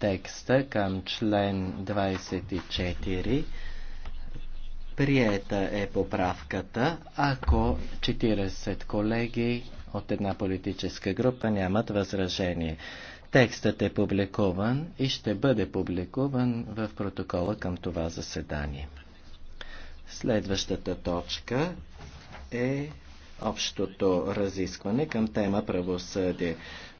текста към член 24. Приета е поправката, ако 40 колеги от една политическа група нямат възражение. Текстът е публикуван и ще бъде публикуван в протокола към това заседание. Следващата точка е общото разискване към тема правосъдие.